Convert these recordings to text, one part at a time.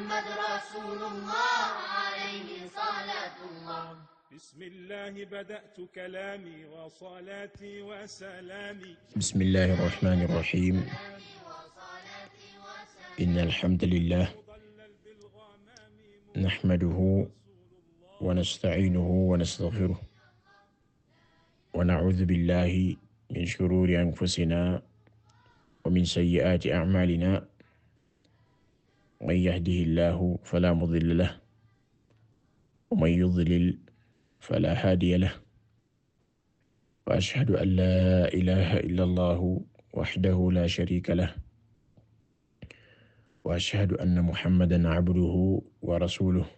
محمد رسول الله عليه صلاة الله بسم الله بدأت كلامي وصلاتي وسلامي بسم الله الرحمن الرحيم إن الحمد لله نحمده ونستعينه ونستغفره ونعوذ بالله من شرور أنفسنا ومن سيئات أعمالنا man yahdihi llaahu falaa mudilla lahu wa man yudlil falaa haadiya lahu wa ashhadu an laa ilaaha illa llaahu wahdahu laa shariika lahu wa ashhadu anna muhammadan abduhu wa rasuluhu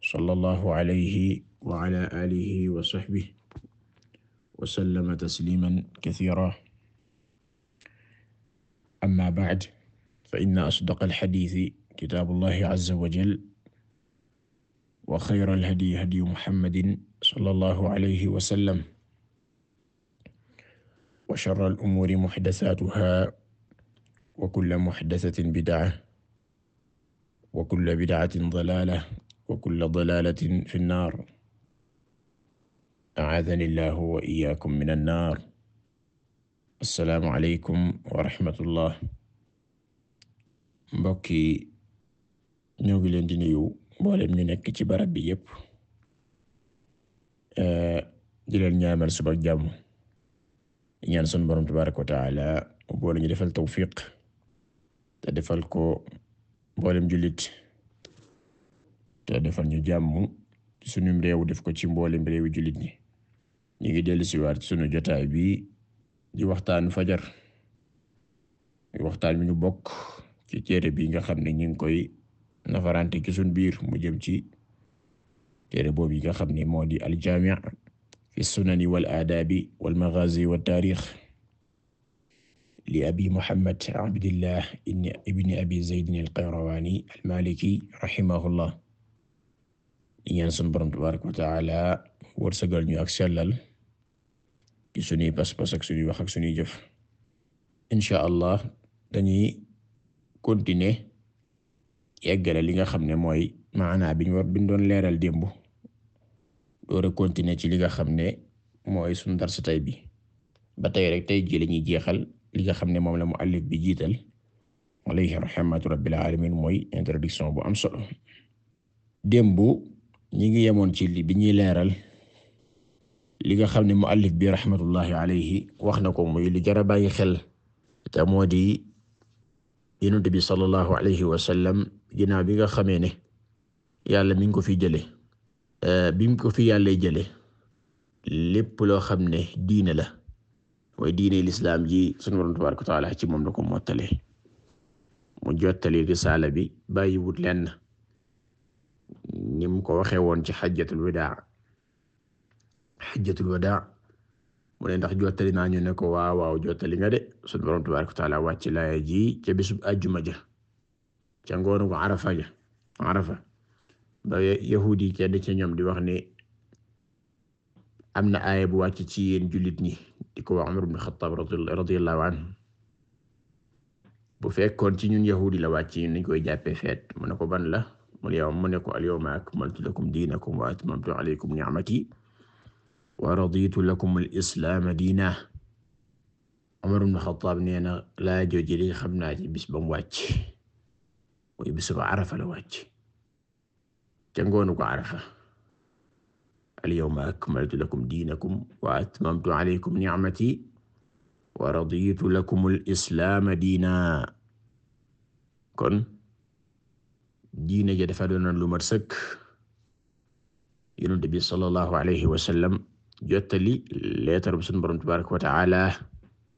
sallallaahu alayhi wa alaa aalihi wa sahbihi wa sallama tasliiman kasiiran ammaa ba'd فإن أصدق الحديث كتاب الله عز وجل وخير الهدي هدي محمد صلى الله عليه وسلم وشر الأمور محدثاتها وكل محدثة بدعة وكل بدعة ضلالة وكل ضلالة في النار أعاذني الله وإياكم من النار السلام عليكم ورحمة الله mbokk yi ñoo ngi leen di nuyu mboolem ñu nekk ci barab bi yépp eh, di leen ñaanal suba jàmm ñaan sunu borom tabaaraka wa taala boole ñu defal tawfiq te defal ko mboolem jullit te defal ñu jàmm sunum réew def ko ci mboolem réewi julit ñi ñu ngi dellu si waat sunu jotaay bi di waxtaan fajar waxtaan bi ñu bokk. ci téere bi nga xam ne ñu ngi koy nafarante ci biir mu jëm ci téere boobu yi nga xam ni moo di al-Jaami' fi sunani wal aadaabi wal maghaazi wa taarix li abi Muhammad Abdillah ibni abi Zaydin al-Qayrawaani al-Maaliki rahimahullah di ñaan sunu Boroom tabaaraka wa ta'aala ñu ak sellal ci suñuy pas-pas ak suñuy wax jëf allah continuer yeggale li nga xam ne mooy maanaa biñ war biñ doon leeral démb door a continuer ci li nga xam ne mooy sunu darsu tey bi ba tey rek tey ji lañuy jeexal li nga xam ne moom la muallif bi jiital alayhi rahmatu rabbil alamin mooy introduction bu am solo démb ñi ngi yemoon ci li bi ñuy leeral li nga xam ne muallif bi rahmatullahi alayhi wax na ko muy li jar a bàyyi xel te moo yonent bi sallallahu alayhi wa sallam ginnaaw bi nga xamee ne yàlla mi ko fi jële eh, bi mu ko fi yàlla jële lépp loo xam ne diine la mooy diine lislaam ji sunu Boroom tabaaraka wa ci moom la ko mottale mu jottali risaala bi bàyyiwut lenn ni mu ko waxee woon ci xajjatul wadaa mu ne ndax jottali naa ñu ne ko waaw waaw jottali nga de sunu borom tabaaraka wa taala wàcc laaya ji ca bisub àjjuma ja ca ngoonu ko arafa ja ca ñoom di wax ne am na aaya bu wàcc ci yéen julit ñi di ko wax Umar ibn Xattaab radiyallahu anhu bu fekkoon ci ñun yahudi la wàcc ñun dañ koy jàppee feet mu ne ko ban la mu ne yow mu ne ko al yawma akmaltu lakum diinakum wa atmamtu alaykum ni'mati wa raditu lakum al islaama diina Umar ibn Xattaab nee na laa jooje li xam naa ci bis ba mu wàcc mooy bis ba Arafa la wàcc ca ngoonu ko Arafa al yawma akmaltu lakum diinakum wa atmamtu alaykum ni'mati wa raditu lakum al islaama diina kon diina ja dafa doonoon lu mat sëkk Yonent bi sallallahu alayhi wa sallam jottali leetar bi sunu borom tabaraka wa taala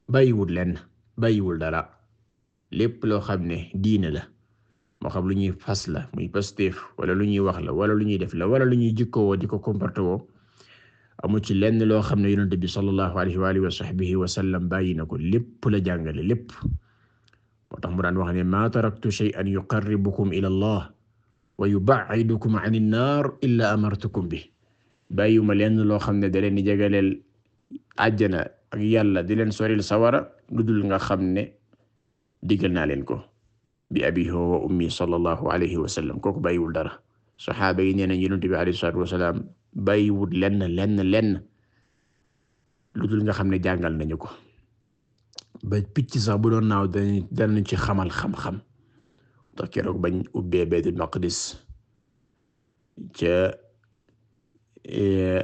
bàyyiwul lenn bàyyiwul dara lépp loo xam ne diine la moo xam lu ñuy fas la muy pastéef wala lu ñuy wax la wala lu ñuy def la wala lu ñuy jikkowoo di ko comporté woo amu ci lenn loo xam ne yonent bi sallallahu alayhi wa alihi wa sahbihi bàyyi na ko lépp la jàngale lépp moo tax mu daan wax ne ma taraktu shay'an yuqarribukum ila allah wa yub'idukum 'ani an-nar illa amartukum bi bàyyiwuma lenn loo xam ne da leen di jegaleel àjjana ak yàlla di leen soril sawara lu dul nga xam ne digal naa leen ko bi abi wa ummi sallallahu alayhi wa sallam kooku bàyyiwul dara saxaaba yi nee nañ yonent bi alayhi salaatu wasalaam bàyyiwul lenn lenn lenn lu dul nga xam ne jàngal nañu ko ba picc sax bu doon naaw dañu danañ ci xamal xam-xam ndax keroog bañ ubbee baytul maqdis Eh,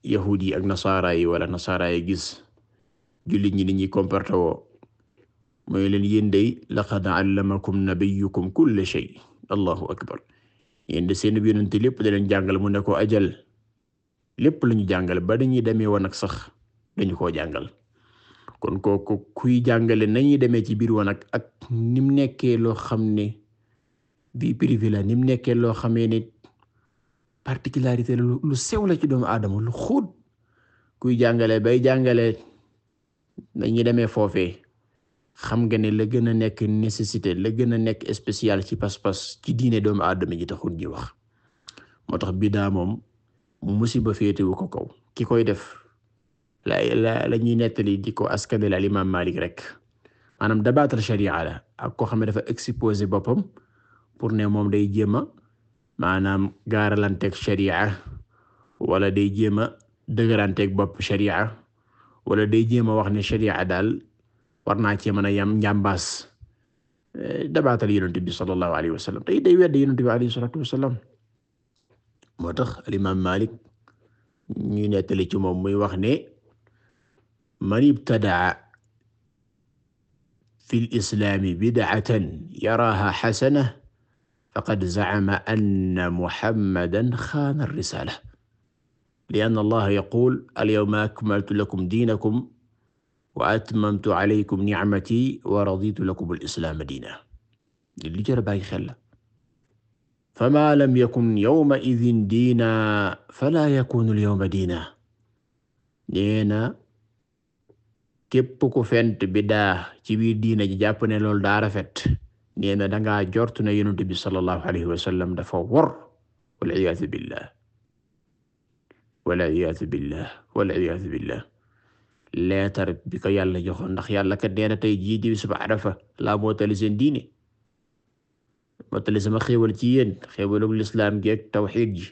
yahud yi ak nasaara yi wala nasaara yi gis jullit ñi ni ñuy comporté woo mooy leen yéen day laqad allamakum nabiyukum kulla shay allahu akbar yéen de seen yonente lépp da leen jàngal mu ne ko ajal lépp lañu jàngal ba dañuy demee wanag sax dañu koo jàngal kon kooku kuy jàngale nañuy demee ci biir wanag ak nim nekkee loo xam ne bi privé la nim xamee ne particularité la lu sew la ci doomu adama lu xóot kuy jàngale bay jàngale dañuy demee foofee xam nga ni la gën a nekk nécessité la gën a nekk spécial ci pas-pas ci diine doomu aadama ji taxul ñi wax moo tax bidaa moom musiba féetewu ko kaw ki koy def la la la ñuy nettali di ko askanale al rek maanaam dabaatal sharia ak koo xam ne dafa exposé boppam pour ne moom day jéem maanaam gaaralanteeg sharia wala day jéem a dëgëranteeg bopp sharia wala day jéem a wax ne sharia daal war naa cee mën a yam njàmbaas eh, dabaatal yonent bi sallallahu alayhi wa sallam tey day wedd yonent bi alayhi salatu wasalam moo tax alimaam Malik ñuy nettali ci moom muy wax ne man ibtadaa fi l islaami bid'atan yaraha xasana faqad zacama anna muhammadan xaana risala lianna allaha yaqul alyawma akmaltu lakum diinakum wa atmamtu alaykum nicmati wa raditu lakum alislaama diina lu jar a bàyyi xel la fama lam yakun yawma idin diina fala yakunu alyawma diina neena képp ku fent bidaa ci biir diina ji jàpp ne loolu daa rafet nee na dangaa jortu ne yonent bi sallallahu alayhi wa sallam dafa wor wal iyaadu billah wal iyaadu billah wal iyaadu billah leetar bi yàlla joxoon ndax yàlla kat nee na tey jii di suba Arafa laa mootali seen diine mootali sama xéewal ci yéen xéewalug lislaam gi ak tawxiid ji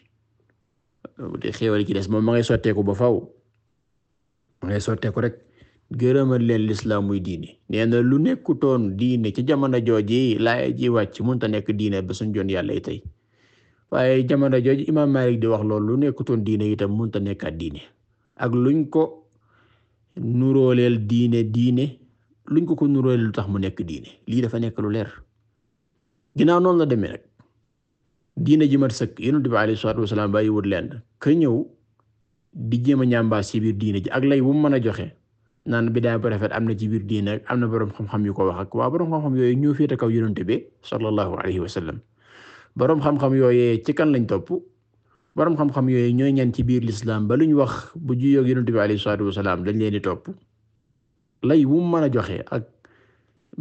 ci des moom ma ngay sotteeku ba faw ma ngay sotteeku rek gërëmal leen lislaam muy diine nee lu nekkutoon diine ci jamono jooji laaya ji wàcc mënta nekk diine ba suñ joon yàlla yi tey waaye jamono jooji imaam Maalik di wax loolu lu nekkutoon diine itam mënta nekkaat diine ak luñ ko nurooleel diine diine luñ ko ko nurooleel lu tax mu nekk diine lii dafa nekk lu leer ginnaaw noon la deme nag diine ji mat sëkk Yonent bi alayhi salaatu leen ka ñëw di jéem a ñambaas ci biir diine ji ak lay wu mën a joxe naan bidaa ba rafet am na ci biir diine ak am na borom xam-xam yu ko wax ak waa borom xam-xam yooyu ñoo féete kaw yonent bi sallallahu alayhi wa sallam borom xam-xam yooyee ci kan lañ topp boroom xam-xam yooyu ñooy ñan ci biir lislaam ba luñ wax bu juyoo ak yonent bi alayhi salaatu wa dañ leen di topp lay wu mu mën a joxe ak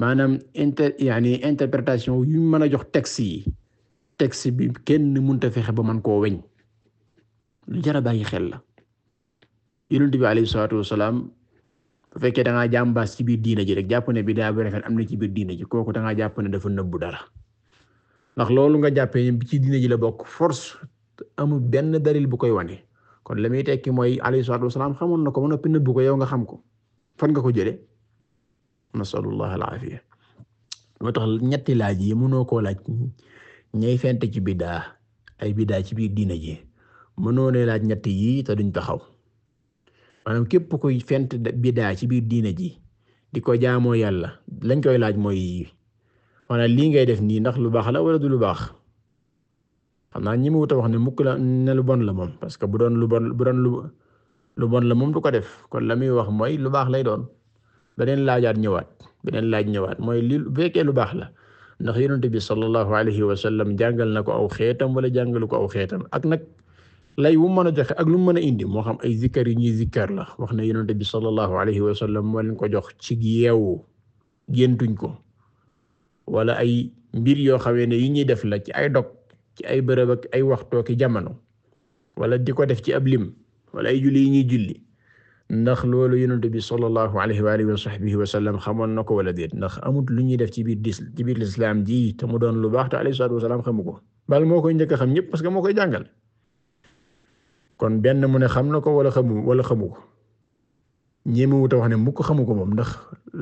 maanaam inter yaani interprétation yu mën a jox texte yi texte bi kenn mënta fexe ba mën koo weñ lu jar a bàyyi xel la yonent salaam bu fekkee da ngaa jàmbaas ci biir diina ji rek jàpp ne bid'a bu rafet am na ci biir diina ji kooku da ngaa jàpp ne dafa nëbbu dara ndax loolu nga jàppee bi ci diina ji la bokk force amul benn dalil bu koy wane kon la muy tekki mooy alayhi salaatu xamoon na ko ba noppi nëbbu ko yow nga xam ko fan nga ko jëlee nasalullah alaafiya moo tax ñetti laaj yi mënoo koo laaj ñay fent ci biddaa ay biddaa ci biir diina ji mënoo ne laaj ñetti yii te duñ xaw maanaam képp kuy fent bidaa ci biir diine ji di ko jaamoo yàlla lañ koy laaj mooy yii maanaam lii ngay def nii ndax lu baax la wala du lu baax xam naa ñi mu wut a wax ne mukk la ne lu bon la moom parce que bu doon lu bon bu lu lu bon la moom du ko def kon la muy wax mooy lu baax lay doon beneen laajaat ñëwaat beneen laaj ñëwaat mooy li bu fekkee lu baax la ndax yonent bi sallallahu alayhi wa sallam jàngal na ko aw xeetam wala jàngalu ko aw xeetam ak nag. lay wu mën a joxe ak lu mu mën a indi moo xam ay zikkar yi ñuy zikkar la wax na yonent bi sallallahu alayhi wa sallam moo leen ko jox ci yeewu géntuñ ko wala ay mbir yoo xawee ne yi ñuy def la ci ay dog ci ay bërëb ak ay waxtoo ki jamono wala di ko def ci ab lim wala ay julli yi ñuy julli ndax loolu yonent bi sallallahu alayhi wa alihi wa sahbihi wa sallam ko wala déet ndax amut lu ñuy def ci biir dis ci biir lislaam ji te mu doon lu baax te alayhi salaatu wa salaam ko bal moo koy njëkk a xam ñëpp moo koy jàngal kon benn mu ne xam na ko wala xamu wala xamu ko ñemewut a wax ne mukk xamu ko moom ndax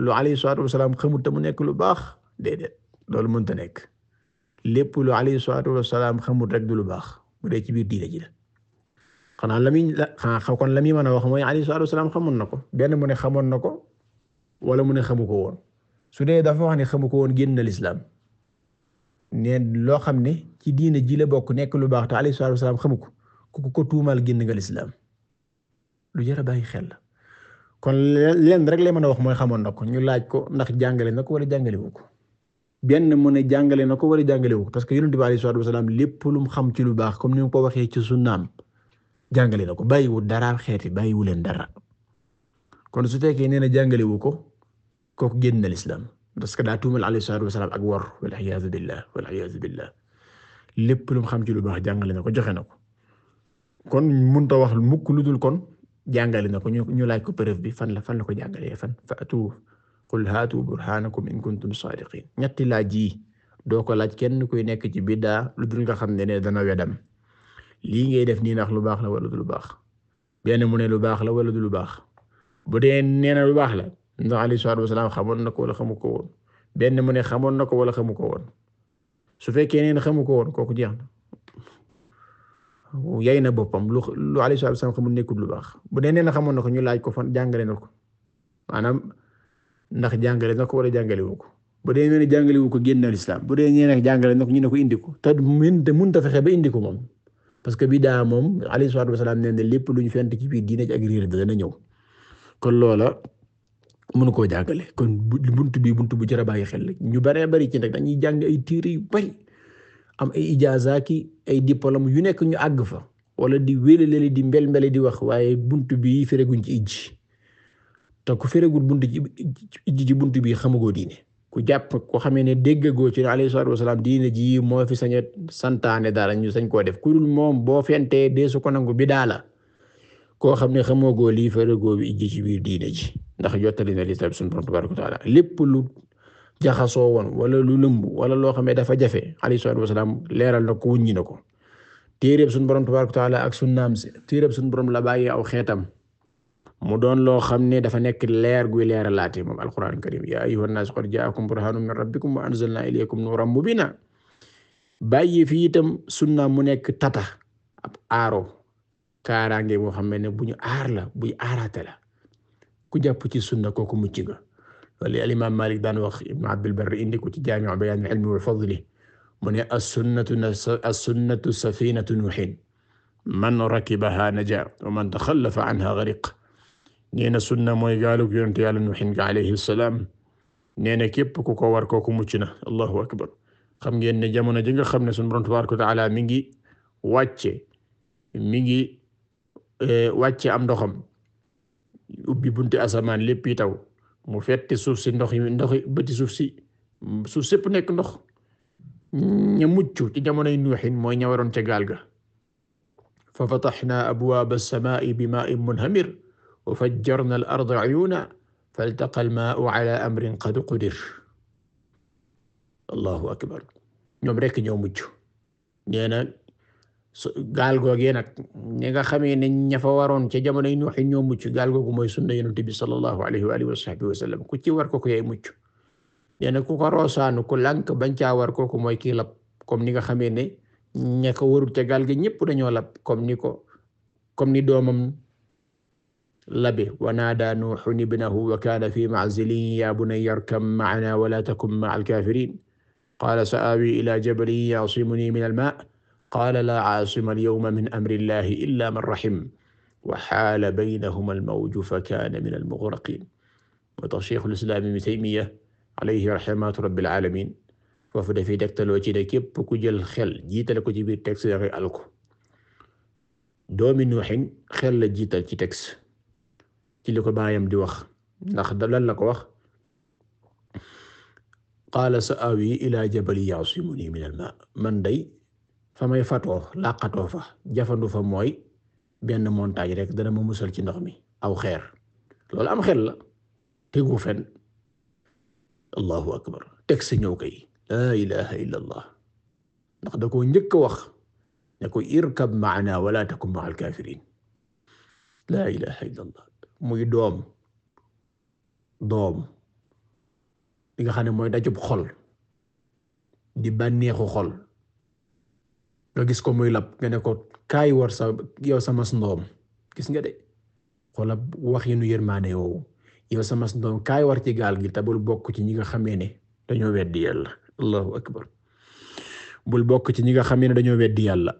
lu alayhi salaatu wasalaam xamut mu nekk lu baax déedéet loolu mënta nekk lépp lu alayhi salaatu wasalaam xamut rek du lu baax bu dee ci biir diine xanaa la muy xanaa kon la muy mën wax mooy alayhi salaatu xamoon na ko benn mu ne xamoon na ko wala mu ne xamu ko woon su dee dafa wax ne xamu ko woon génn na lislaam ne loo xam ne ci diine ji la bokk nekk lu baax te alayhi salaatu wasalaam xamu ko ku ko tuumaal génn nga lislaam lu jar a bàyyi xel la kon lenn rek lay mën a wax mooy xamoon na ko ñu laaj ko ndax jàngale na ko jàngale jàngalewu ko benn mu ne jàngale na ko wala jàngalewu ko parce que yonent bi alayhi salaatu wasalaam lépp lu mu xam ci lu baax comme ni ko waxee ci sunnaam jàngale na ko bàyyiwu dara xeeti bàyyiwu leen dara kon su fekkee nee na jàngalewu ko kooku génn na lislaam parce que daa tuumal alayhi salaatu wasalaam ak war wal iyaazu billah wal iyaazu billah lu mu xam ci lu baax jàngale na ko joxe na ko kon mënut a wax mukk lu dul kon jàngale na ko ñu laaj ko preuve bi fan la fan la ko jàngalee fan fa'tu qul haatu burhanakum in kuntum sadiqin ñetti laaj yi doo ko laaj kenn kuy nekk ci biddaa lu dul nga xam ne ne dana wedam lii ngay def nii ndax lu baax la wala du lu baax benn mu ne lu baax la wala du lu baax bu dee nee na lu baax la ndax alayhi salaatu wasalaam xamoon na ko wala xamu ko woon benn mu ne xamoon na ko wala xamu ko woon su fekkee nee na xamu ko woon kooku jeex na yay na boppam lu lu alayhi salaam xamul lu baax bu dee nee na xamoon na ko ñu laaj ko fan jàngale na ko maanaam ndax jàngale na ko wala jàngale wu ko bu dee nee na jàngale wu ko génn islam bu dee nee jàngale na ko ñu ne ko indi ko te mënta mënta fexe ba indi ko moom parce que bidaa moom alayhi salaam nee na lépp lu ñu fent ci biir diine ci ak riir dana ñëw kon loola mënu koo jàngale kon buntu bi buntu bu jar a bàyyi xel ñu baree bari ci a dañuy jàng ay téere yu am ay ijaaza ki ay diplôme yu nekk ñu àgg fa wala di wélaleli di mbel mbeli di wax waaye bunt bi fereguñ ci ijji te ku feregul bunt ci ijji ci bunt bi xamagoo diine ku jàpp ko xamee ne déggagoo ci ne alayhi salaatu wasalaam diine ji moo fi sañet santaane daala ñu sañ koo def ku moom boo fentee dee su ko nangu bi daala koo xam ne xamagoo lii feregoo bi ijji ci biir diine ji ndax jottali na li tab suñu borom taala lépp jaxasoo woon wala lu lëmb wala loo xam ne dafa jafe alayhi salaatu wasalaam leeral na ko wuññi na ko téeréb suñu borom tabaaraka taala ak sunnaam si téeréb suñu borom la bàyyi aw xeetam mu doon loo xam ne dafa nekk leer guy leeralaate moom alquran karim yaa ayyuhan naas qad jaakum burhaanun min rabbikum wa anzalnaa ilaykum nuuran mubiinaa bàyyi fi itam sunnaam mu nekk tata ab aaro kaaraange boo xam ne bu ñu aar la buy aaraate la ku jàpp ci sunna kooku mucc nga li alimaam Malik daan wax Ibn Abdul Barr indi ko ci Jaami'u Bayaanil Ilmi wa Fadlihi mu ne as-sunnatu as-sunnatu safiinatu Nuuhin man rakibahaa najaa wa man taxallafa anhaa ghariq nee na sunna mooy gaalug yonent Yàlla Nuuhin ga alayhi salaam nee na képp ku ko war kooku mucc na Allahu akbar xam ngeen ne jamono ji nga xam ne sunu Boroom tabaaraka wa ta'aala mi ngi wàcce mi ngi eh, wàcce am ndoxam ubbi bunti asamaan lépp yi taw mu fetti suuf si ndox yi ndox yi bëti suuf si suuf sépp nekk ndox ña mucc ci jamonoy nuuxin mooy ña waroon ca gaal ga fa fataxnaa abwaaba alsamaa'i bimaa'in munhamir wa fajjarna al arda uyuunan faltaqa almaa'u alaa amrin qad qudir allahu akbar ñoom rekk ñoo mucc nee na gaal googee nag ñi nga xamee ne ña waroon ca jamonoy Nuux ñoo mucc gaal googu mooy sunna yonent bi sallallahu alayhi wa alihi wa sahbihi ku ci war kooku yaay mucc nee na ku ko roosaanu bañ caa war kooku mooy kii lab comme ni nga xamee ne ña ko warul ca gaal gi ñëpp dañoo lab comme ni ko comme ni doomam labe wa naada Nuuxun ibnahu wa kaana fi ma'zilin ya bunayya irkab ma'ana wa la takun ma'al kaafiriin qaala sa'aawi ilaa jabalin ya'simunii minal qaala laa caasima alyawma min amri llahi illa man rahim wa xaala baynahuma almawju fa kaana min almughraqin moo tax cheikhul islaam ibnu taymiya alayhi rahmatu rabbil alamin foofu dafay tegtaloo ci ne képp ku jël xel jiitale ko ci biir texte dafay alko doomi nuuxin xel la jiital ci texte ci li ko baayam di wax ndax lan la ko wax qaala sa awi ila jabali yasimuni min alma man day fa may fatoo làqatoo fa jafandu fa mooy benn montagne rek dana ma musal ci ndox mi aw xeer loolu am xel la tegu fen allahu akbar teg sa ñëw kay laa ilaha illa ndax da koo njëkk a wax ne koy irkab maana wala takun ma al kafirin laa ilaha muy doom doom li nga xam ne mooy dajub xol di bànneexu xol nga gis ko muy lab nga ne ko kaay war sa yow sama ndoom gis nga de xoolal wax yi nu yërmaane woowu yow sama ndoom kaay war ci gaal gi te bul bokk ci ñi nga xamee ne dañoo weddi yàlla allahu akbar bokk ci ñi nga xamee ne dañoo weddi yàlla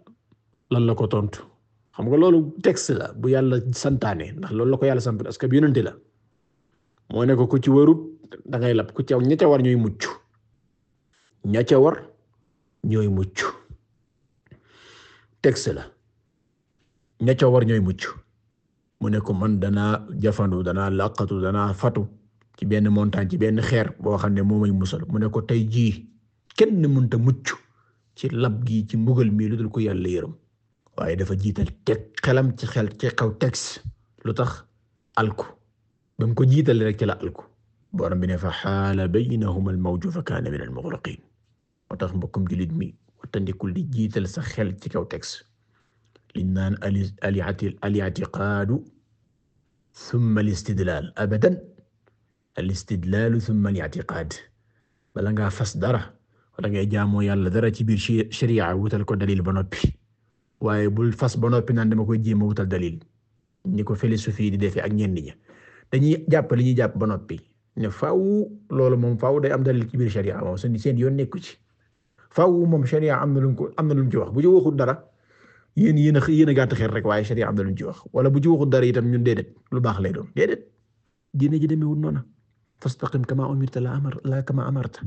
lan la ko tontu xam nga loolu texte la bu yàlla santaane ndax loolu la ko yàlla sant parce que bi yonente la moo ne ko ku ci warut dangay ngay lab ku ci ña ca war ñooy mucc ña ca war ñooy mucc. texte la ña ca war ñooy mucc mu ne ko man danaa jafandu danaa laqatu danaa fatu ci benn montagne ci benn xeer boo xam ne moo may mu ne ko tey jii kenn mënta mucc ci lab gi ci mbugal mii lu dul ko yàlla yërëm waaye dafa jiital teg xelam ci xel ci kaw texte lu tax alku ba mu ko jiitale rek ci la alku borom bi ne fa xaala baynahuma al mawju fa kaana min al mughraqiin tax mbokkum jullit mi watandikul di jiital sa xel ci kaw texte liñ naan al-i'tiqaadu thumma al-istidlaal abadan al-istidlaalu thumma al-i'tiqaad bala ngaa fas dara wala ngay jaamoo yàlla dara ci biir sharia wutal ko dalil ba noppi waaye bul fas ba noppi naan dama koy jéem a wutal dalil ni ko philosophe yi di defee ak ñenn ñi dañuy jàpp li ñuy jàpp ba noppi ne faaw loolu moom faaw day am dalil ci biir sharia moom seen yoon nekku ci. faaw moom sharia am na lu ko am na lu wax bu ci waxul dara yéen yéen a yéen a gàtt xel rek waaye sharia am na lu mu ci wax wala bu ci waxul dara itam ñun déedéet lu baax lay doon déedéet diine ji demewul noona fastaqim kama umirta la amar la kama amarta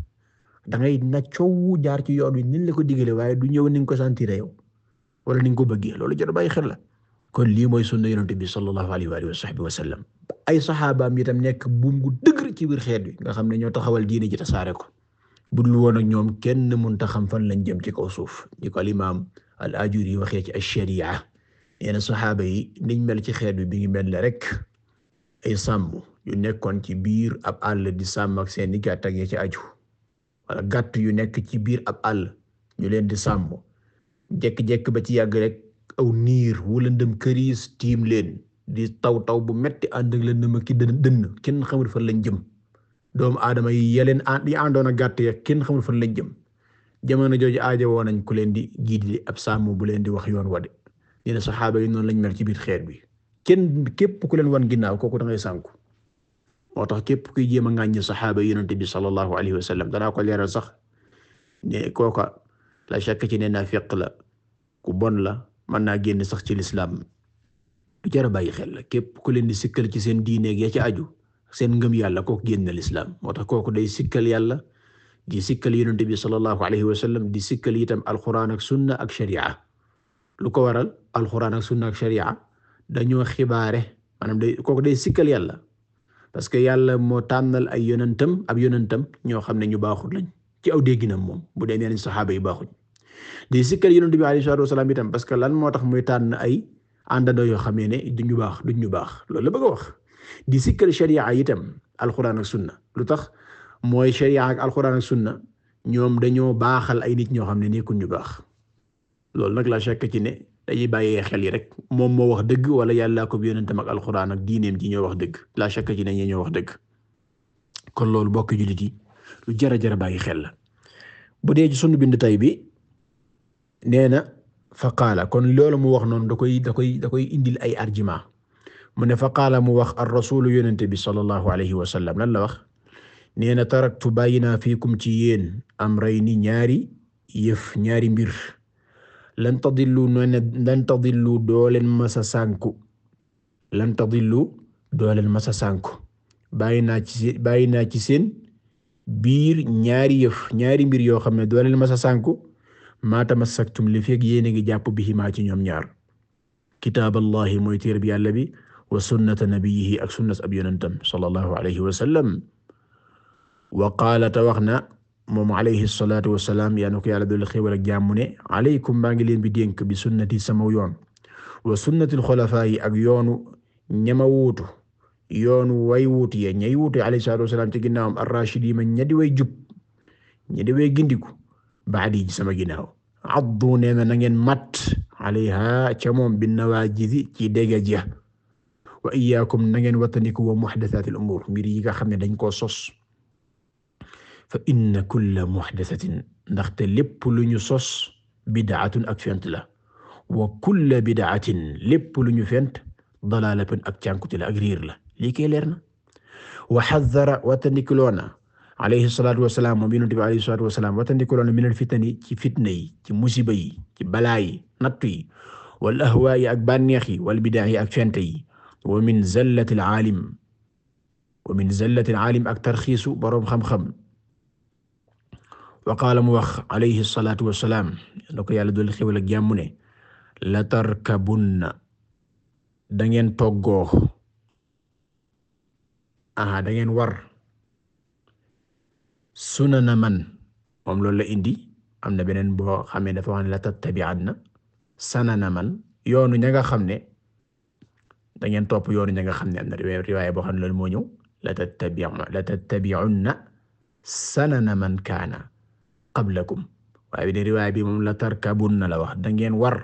da ngay na coow jaar ci yoon wi niñ la ko digalee waaye du ñëw ni nga ko sentir yow wala ni nga ko bëggee loolu jot bàyyi xel la. kon lii mooy sunna yonent bi sallallahu alayhi wa alihi wa sahbihi wa sallam ay saxaabaam itam nekk buum gu dëgër ci biir xeet wi nga xam ne ñoo taxawal diine ji tasaare ko. budul woon ak ñoom kenn mënut a xam fan lañ jëm ci kaw suuf ñu ko alimaam al ajuri waxee ci ash-sharia yenn saxaaba yi niñ mel ci xeet bi bi ngi mel ne rek ay sàmm yu nekkoon ci biir ab àll sàmm ak seen i gàtt ci aju wala gàtt yu nekk ci biir ab àll ñu leen di sàmm jekk-jekk ba ci yàgg rek aw niir wu lëndëm këriis tiim leen di taw taw bu metti ànd ak lëndëm ak ki dënn kenn xamul fan lañ jëm doomu aadama yi yeleen yi àndoon a gàtt ya kenn xamul fan lañ jëm jamono jooju aaja woon nañ ku leen di jiitli ab sàmm bu leen di wax yoon wade nee na saxaaba yi noonu lañ mel ci biir xeer bi kenn képp ku leen wan ginnaaw kooku da ngay moo tax képp kuy jéem a ŋàññi saxaaba yi yonente bi sallallahu alayhi wa sallam danaa ko leeral sax ne kooka la shakk ci ne naafiq la ku bon la mën naa génn sax ci lislaam du jar a bàyyi xel la képp ku leen di sikkal ci seen diineeg ya ci aju seen ngëm yàlla kooku génn na lislaam moo tax kooku day sikkal yàlla di sikkal yonent bi sallallahu alayhi wa sallam di sikkal itam alquran ak sunna ak sharia lu ko waral alquran ak sunna ak sharia dañoo xibaare maanaam day kooku day sikkal yàlla que yàlla moo tànnal ay yonentam ab yonentam ñoo xam ne ñu baaxul lañ ci aw dégginam moom bu dee nee nañ saxaaba yi baaxuñ di sikkal yonent bi alayhi salaatu wasalaam itam parce que lan moo tax muy tànn ay àndandoo yoo xam ne ne duñu baax duñu baax loolu la bëgg wax di sikkal sharia itam alxuraan ak sunna lu tax mooy sharia ak alxuraan ak sunna ñoom dañoo baaxal ay nit ñoo xam ne nekkul ñu baax loolu nag la chèque ci ne dañuy bàyyee xel yi rek moom moo wax dëgg wala yàllaa ko yonentam ak alxuraan ak diineem ji ñoo wax dëgg la chèque ci ne ñi wax dëgg kon loolu bokk jullit yi lu jara jara bàyyi xel la bu dee ci sunu bind tay bi nee na fa qaala kon loolu mu wax noonu da koy da koy da koy indil ay argument mu ne fa qaala mu wax ar rasulu yonente bi sallallahu alayhi wa sallam lan la wax nee na taraktu bàyyi naa fiikum ci yéen amrayni ñaari yëf ñaari mbir lan tadillu lan tadillu dooleen masa sànku lan tadillu dooleen masa sànku bàyyi naa ci bàyyi naa ci seen biir ñaari yëf ñaari mbir yoo xam ne dooleen masa sànku ma tamassaktum li feeg yéen a ngi jàpp bi ci ñoom ñaar kitaaballahi mooy téere bi yàlla bi wa sunnata nabiyihi ak sunnas ab yonentam sallallahu alayhi wa sallam wa qaala ta wax na moom alayhi salaatu wa salaam yaa ko yàlla doole xéwal ak ne alaykum maa ngi leen bi dénk bi sunnati sama yoon wa sunnati xulafaa yi ak yoonu ñama wuutu yoonu way wuutu ya ñay wuutu alayhi salaatu wa salaam ci ginnaawam ar-raashidiina ña di way jub ña di way gindiku baadi sama ginnaaw addu nee na ngeen mat alayha ca moom bin nawaajizi ci dégg ja wa iyyakum na ngeen wattandiku wa muhdathatil umur mbir yi nga xam ne dañ koo sos fa inna kulla muhdathatin ndaxte lépp lu ñu sos bid'atun ak fent la wa kulla bid'atin lépp lu ñu fent dalalatun ak cànkute la ak riir la lii kay leer na wa hazzara watandikuloona alayhi salaatu wasalaam moom yonent bi alayhi salaatu wasalaam watandikuloona minal fitani ci fitna yi ci musiba yi ci balaa yi nattu yi wal ahwaa yi ak bànneex yi wal bidaa yi ak fent yi wa min zallati alaalim wa min zallati alaalim ak tarxiisu boroom xam-xam wa qaala mu wax alayhi salaatu wa salaam da yàlla dool xéwal ak jàmm ne la tarkabunna dangeen toggoo aha dangeen war sunana man moom loolu la indi am na beneen boo xamee dafa wax ne la tattabi'anna sanana man yoonu ña nga xam ne da ngeen topp yoonu ña nga xam ne am na riwaaya boo xam ne loolu moo ñëw la tattabi'u la tattabi'unna sanana man kaana qablakum waaye bi de riwaaya bi moom la tarkabunna la wax dangeen ngeen war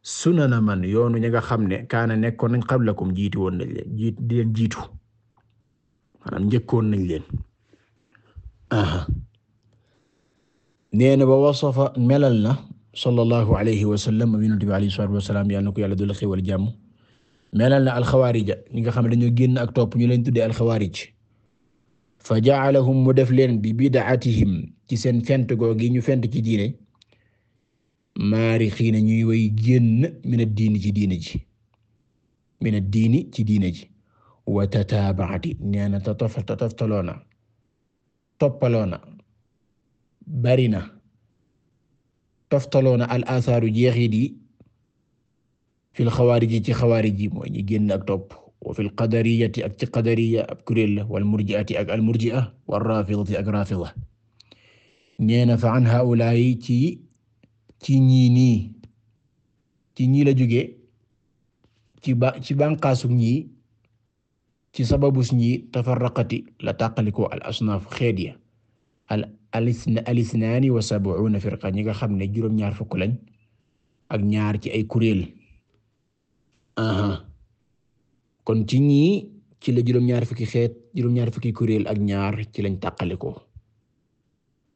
sunana man yoonu ña nga xam ne kaana nekkoon nañ qablakum jiitu woon nañ leen jiit di leen jiitu maanaam njëkkoon na leen nee na ba wasafa melal na sallallahu alayhi wa sallam yonent bi alayhi salaatu wa salaam yàlla yàlla dool xéewal jàmm melal na alxawaarija ñi nga xam ne dañoo génn ak topp ñu leen tuddee alxawaarij fa ja'alahum mu def leen bi bid'atihim ci seen fent googi ñu fent ci diine na ñuy way génn mina diini ci diine ji mina diini ci diine ji wa tataabaati nee na tatof tatoftaloona toppaloona barina toftaloona al asaaru jeexit fil xawaariji ci xawaariji mooy ñi génn ak topp wa fil qadariyati ak ci qadariya ab kuréel la wal murji'ati ak al murji'a wal raafidati ak raafida neena fa an haa'ulaa'i ci ci ñii nii ci ñii la jóge ci ba ci banqaasug ci sababus ñii tafarraqati la tàqaliko al asnaaf xeet ya al al isnaani wa sab'uuna firqa ñi nga xam ne juróom ñaar fukk ak ñaar ci ay kuréel kon ci ñii ci la juróom-ñaar fukki xeet kuréel ak ñaar ci lañ tàqaliko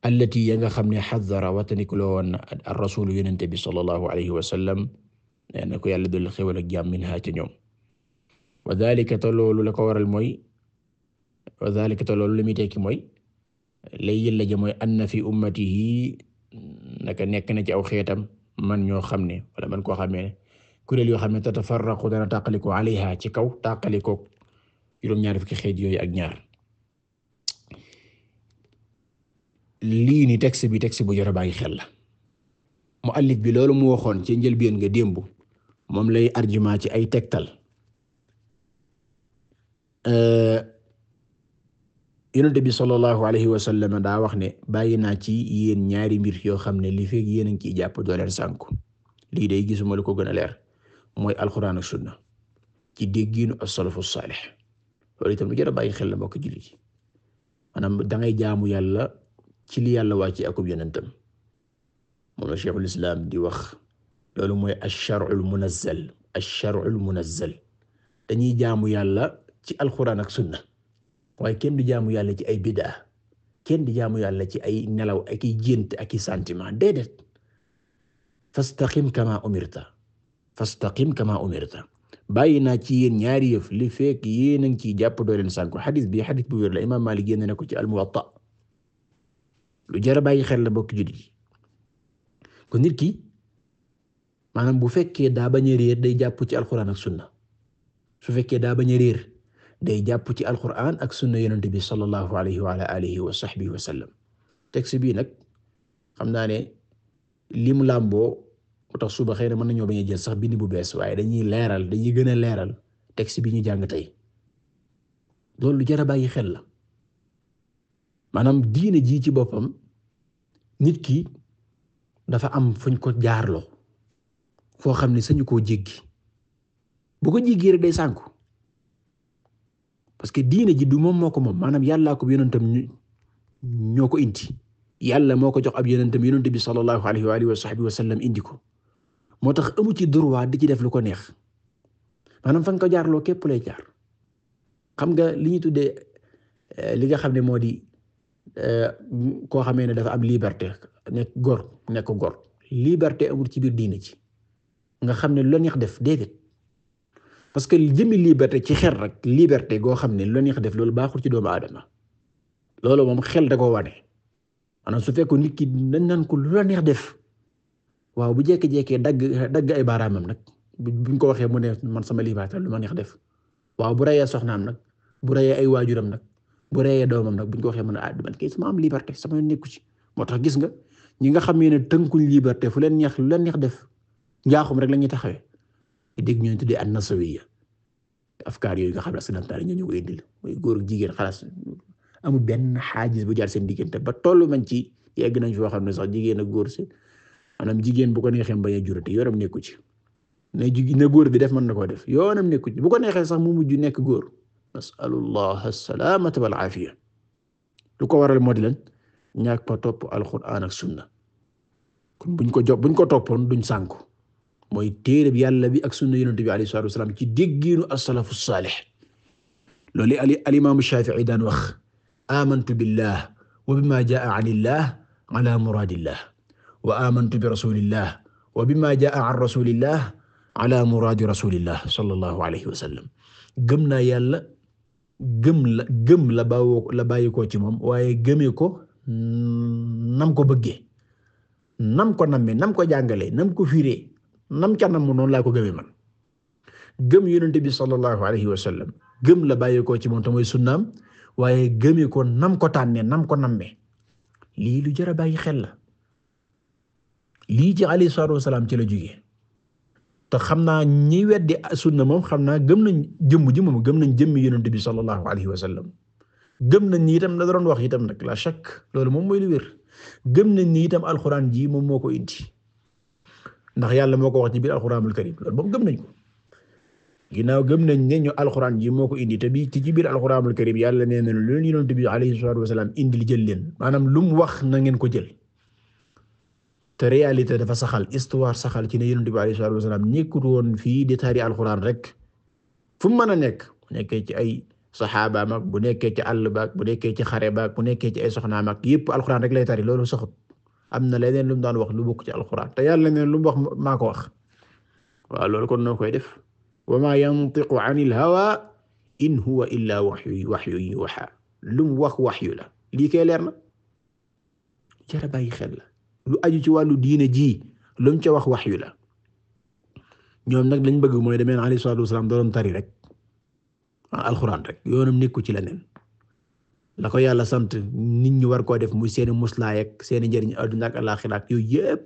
allati ya nga xam ne xadara watanikuloo woon ar-rasul yonente bi sallallahu alayhi wa sallam nee na ko yàlla dol xewal ak jàmm minha ñoom wa dalika loolu la ko waral mooy wa dalika loolu la muy tekki mooy lay yëlla ja mooy anna fi ummatihi naka nekk na ci aw xeetam man ñoo xam ne wala man koo xamee kuréel yoo xam ne tatafarraqu dana tàqalikoo alayha ci kaw tàqalikoo juróom-ñaar fukki xeet yooyu ak ñaar lii ni texte bi texte bu jora bàyyi xel la muallif bi loolu mu waxoon ci njëlbéen nga démb moom lay argument ci ay tegtal yonent bi sallallahu alayhi wa sallam daa wax ne bàyyi naa ci yéen ñaari mbir yoo xam ne li fekk yéen a ngi ciy jàpp doo leen sànku lii day gisuma lu ko gën a leer mooy alxuraan ak sunna ci déggiinu as-salafu saalih loolu itam lu jar a bàyyi xel la mbokk jullit yi maanaam dangay jaamu yàlla ci li yàlla wàcce akub yonentam moom la cheikhul islam di wax loolu mooy ash-shar'ul munazzal ash-shar'ul munazzal dañuy jaamu yàlla ci alxuraan ak sunna waaye kenn du jaamu yàlla ci ay bidaa kenn du jaamu yàlla ci ay nelaw ak i gént ak i sentiment déedéet fastaqim kama umirta fastaqim kama umirta bàyyi naa ci yéen ñaari yëf li fekk yéen a ngi ciy jàpp doo leen sànku xadis bi xadis bu wér la imaam Maalik génne na ko ci al-Muwatta lu jar a bàyyi xel la bokk jullit yi nit ki maanaam bu fekkee daa bañ a réer day jàpp ci alquran ak sunna su fekkee daa bañ a day jàpp ci alquran ak sunna yonent bi sallallahu alayhi wa ala alihi wa sahbihi wa sallam texte bii nag xam naa ne lim làmboo moo tax suba xëy na mën nañoo bañ a jël sax bind bu bees waaye dañuy leeral dañuy gën a leeral texte bi ñu jàng tey loolu lu jar a bàyyi xel la maanaam diine ji ci boppam nit ki dafa am fuñ ko jaarloo foo xam ni sañu koo jéggi bu ko jéggee rek day sànku parce que diine ji du moom moo ko moom maanaam yàllaa ko yonentam ñoo ko indi yàlla moo ko jox ab yonentam yonent bi sallallahu alayhi wa alihi wa sahbihi wa sallam indi ko moo tax amu ci droit di ci def lu ko neex maanaam fa nga ko jaarloo képp lay jaar xam nga li ñu tuddee eh, li nga xam ne moo di eh, koo xamee ne dafa am liberté nekk góor nekk góor liberté amul ci biir diine ci nga xam ne lu neex def déedéet parce que jëmi liberté ci xel rek liberté goo xam ne lu neex def loolu baaxul ci doom aadama loolu moom xel da ko wane maanaam su fekkoon nit ki dañ naan ko lu la neex def. waaw bu jékki-jékkee dagg dagg ay baaraamam nag buñ ko waxee mu ne man sama libaata lu ma neex def waaw bu reyee soxnaam nag bu reyee ay waajuram nag bu reyee doomam nag buñ ko waxee mu ne ah man sama am liberté sama nekku ci moo tax gis nga ñi nga xam ne tënkuñ liberté fu leen neex lu leen neex def njaaxum rek la ñuy taxawee dégg ñu tuddee an-nasawiyya afkaar yooyu nga xam ne accidental ñu ñu ko indil mooy góor ak jigéen xalaas amul benn xaajis bu jaar seen diggante ba tollu man ci yegg nañ foo xam ne sax jigéen ak góor si maanaam jigéen bu ko neexee mbañ a jurati yoonam nekku ci na jig na góor bi def man na koo def yoonam nekku ci bu ko neexee sax mu mujj nekk góor nasalullah alsalamata wal aafiya lu ko waral moo di leen ñaak pa topp alquran ak sunna kon buñ ko jox buñ ko toppoon duñ sànku mooy téere bi yàlla bi ak sunna yonent bi alayhi salaatu ci déggiinu as-salafu saalih al al-imaam Shaafi'i daan wax amantu billah wa bima wa amantu bi rasulillah wa bima jaa an rasulillah ala muraadi rasulillah sallallahu alayhi wa sallam gëm naa yàlla gëm la gëm la bawoo la bàyyi ko ci moom waaye gëmee ko mm, nam ko bëggee nam ko nammee nam ko jàngalee nam ko fiire nam ca nam noonu laa ko gëmee man gëm yonent bi sallallahu alayhi wa sallam gëm la bàyyi ko ci moom te mooy sunnaam waaye gëmee ko nam ko tànnee nam ko nammee lii lu jar lii ci alayhi salaatu wasalaam ci la jógee te xam naa ñi weddi sunna moom xam naa gëm nañ jëmm ji moom gëm nañ jëmmi yonent bi sallallahu alayhi wa sallam gëm nañ ni itam la doon wax itam nag la chak loolu moom mooy lu wér gëm nañ ni itam alxuraan ji moom moo ko indi ndax yàlla moo ko wax ci biir alxuraanul karim loolu moom gëm nañ ko ginnaaw gëm nañ ne ji moo ko indi te bi ci ci biir alxuraanul karim yàlla nee na lu leen yonent bi alayhi salaatu indi li jël leen maanaam lu mu wax na ngeen ko jël te réalité dafa saxal histoire saxal ci ne yonent bi alayhi salaatu wasalaam nekkut woon fii di tari alxuraan rek fu mu mën a nekk bu nekkee ci ay saxaaba mag bu nekkee ci àll baag bu nekkee ci xare baag bu nekkee ci ay soxnaam ak yëpp alxuraan rek lay tari loolu saxut am na leneen lu mu daan wax lu bokk ci alxuraan te yàlla neen lu mu wax maa ko wax waaw loolu kon noo koy def wa maa yantiqu anil hawa in huwa illa waxyu waxyu yuuxa mu wax waxyu la lii kay leer na jara bàyyi la lu aju ci wàllu diine jii lu mu ca wax wax yu la ñoom nag lañ bëgg mooy demeen alayhi salaatu wasalaam da doon tari rek ah, alxuraan rek yoonam nekku ci leneen la ko yàlla sant nit ñi war koo def muy seeni muslaay ak seeni njëriñ adduna ak alaxira ak yooyu yépp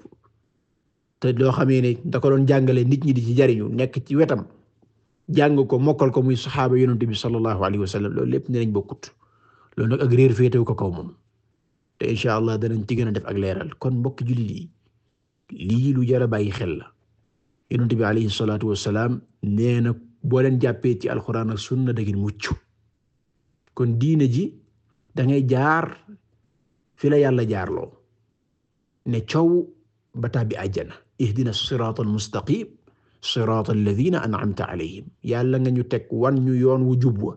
te doo xamee ne da ko doon jàngale nit ñi di ci jariñu nekk ci wetam jàng ko mokkal ko muy saxaaba yonent bi sallallahu alayhi wa sallam loolu lépp ne lañ bokkut loolu nag ak réer féetew ko kaw te incha allah danañ ci gën a def ak leeral kon mbokk jullit yi lii lu jar a bàyyi xel la yonent bi alayhi salaatu wassalaam nee boo leen jàppee ci alxuraan ak sunna da ngeen mucc kon diina ji da jaar fi la yàlla jaarloo ne coow ba tàbbi àjjana ihdina siraatal mustaqim siraatal ladina an'amta alayhim yàlla nga ñu teg wan ñu yoon wu jub wa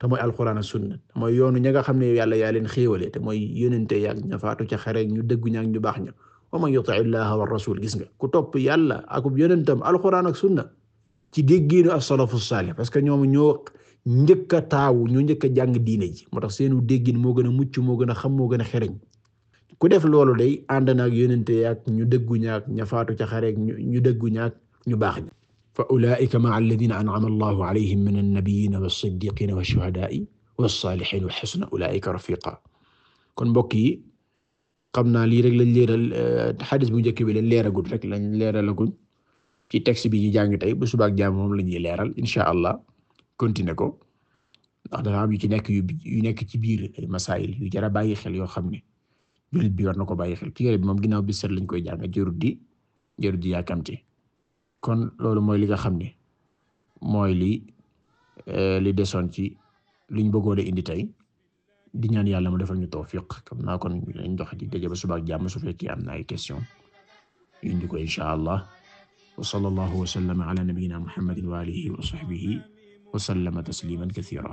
te mooy alquran ak sunna mooy yoonu ña nga xam ne yàlla yaa leen xéewale te mooy yonente yaag ña faatu ca xare ñu dëggu ñaag ñu baax ña wa man yuti illaha wa rasul gis nga ku topp yàlla akub yonentam alquran ak sunna ci déggiinu as-salafu salih parce que ñoom ñoo njëkk a taawu ñoo njëkk jàng diine ji moo tax seenu déggin moo gën a mucc moo gën a xam moo gën a xereñ ku def loolu day ànd naag yonente yaag ñu dëggu ñaag ña faatu ca xare ñu dëggu ñaag ñu baax fa ulaa'ika ma'a allaziina an'ama allahu alayhim mina nabiyyiina was-siddiiqiina wash-shuhadaa'i was-saalihiina wa xasuna ulaa'ika rafiiqa kon mbokk yi xam naa lii rek lañ leeral eh, xadis bu njëkk bi lañ leeragul rek lañ leeralaguñ ci texte bi ñu jàng tey bu suba ak jàmm moom la ñuy leeral insha allah continuer ko ndax dafa am yu ci nekk yu nekk ci biir ay masaayil yu jar a bàyyi xel yoo xam ne jullit bi war na ko bàyyi xel téere bi moom ginnaaw bi set lañ koy jàng jërut di jërut di yàkkamti kon loolu mooy li nga xam ne mooy li euh, li desoon ci liñ bëggoon a indi tey di ñaan yàlla mu defal ñu tawfiq xam naa kon lañ dox di daje ba suba jàmm su fekkee am na ay question indi ko insha allah wa sallallahu wa sallama ala nabiyyina muhammadin wa alihi wa sahbihi wa sallama tasliman kathira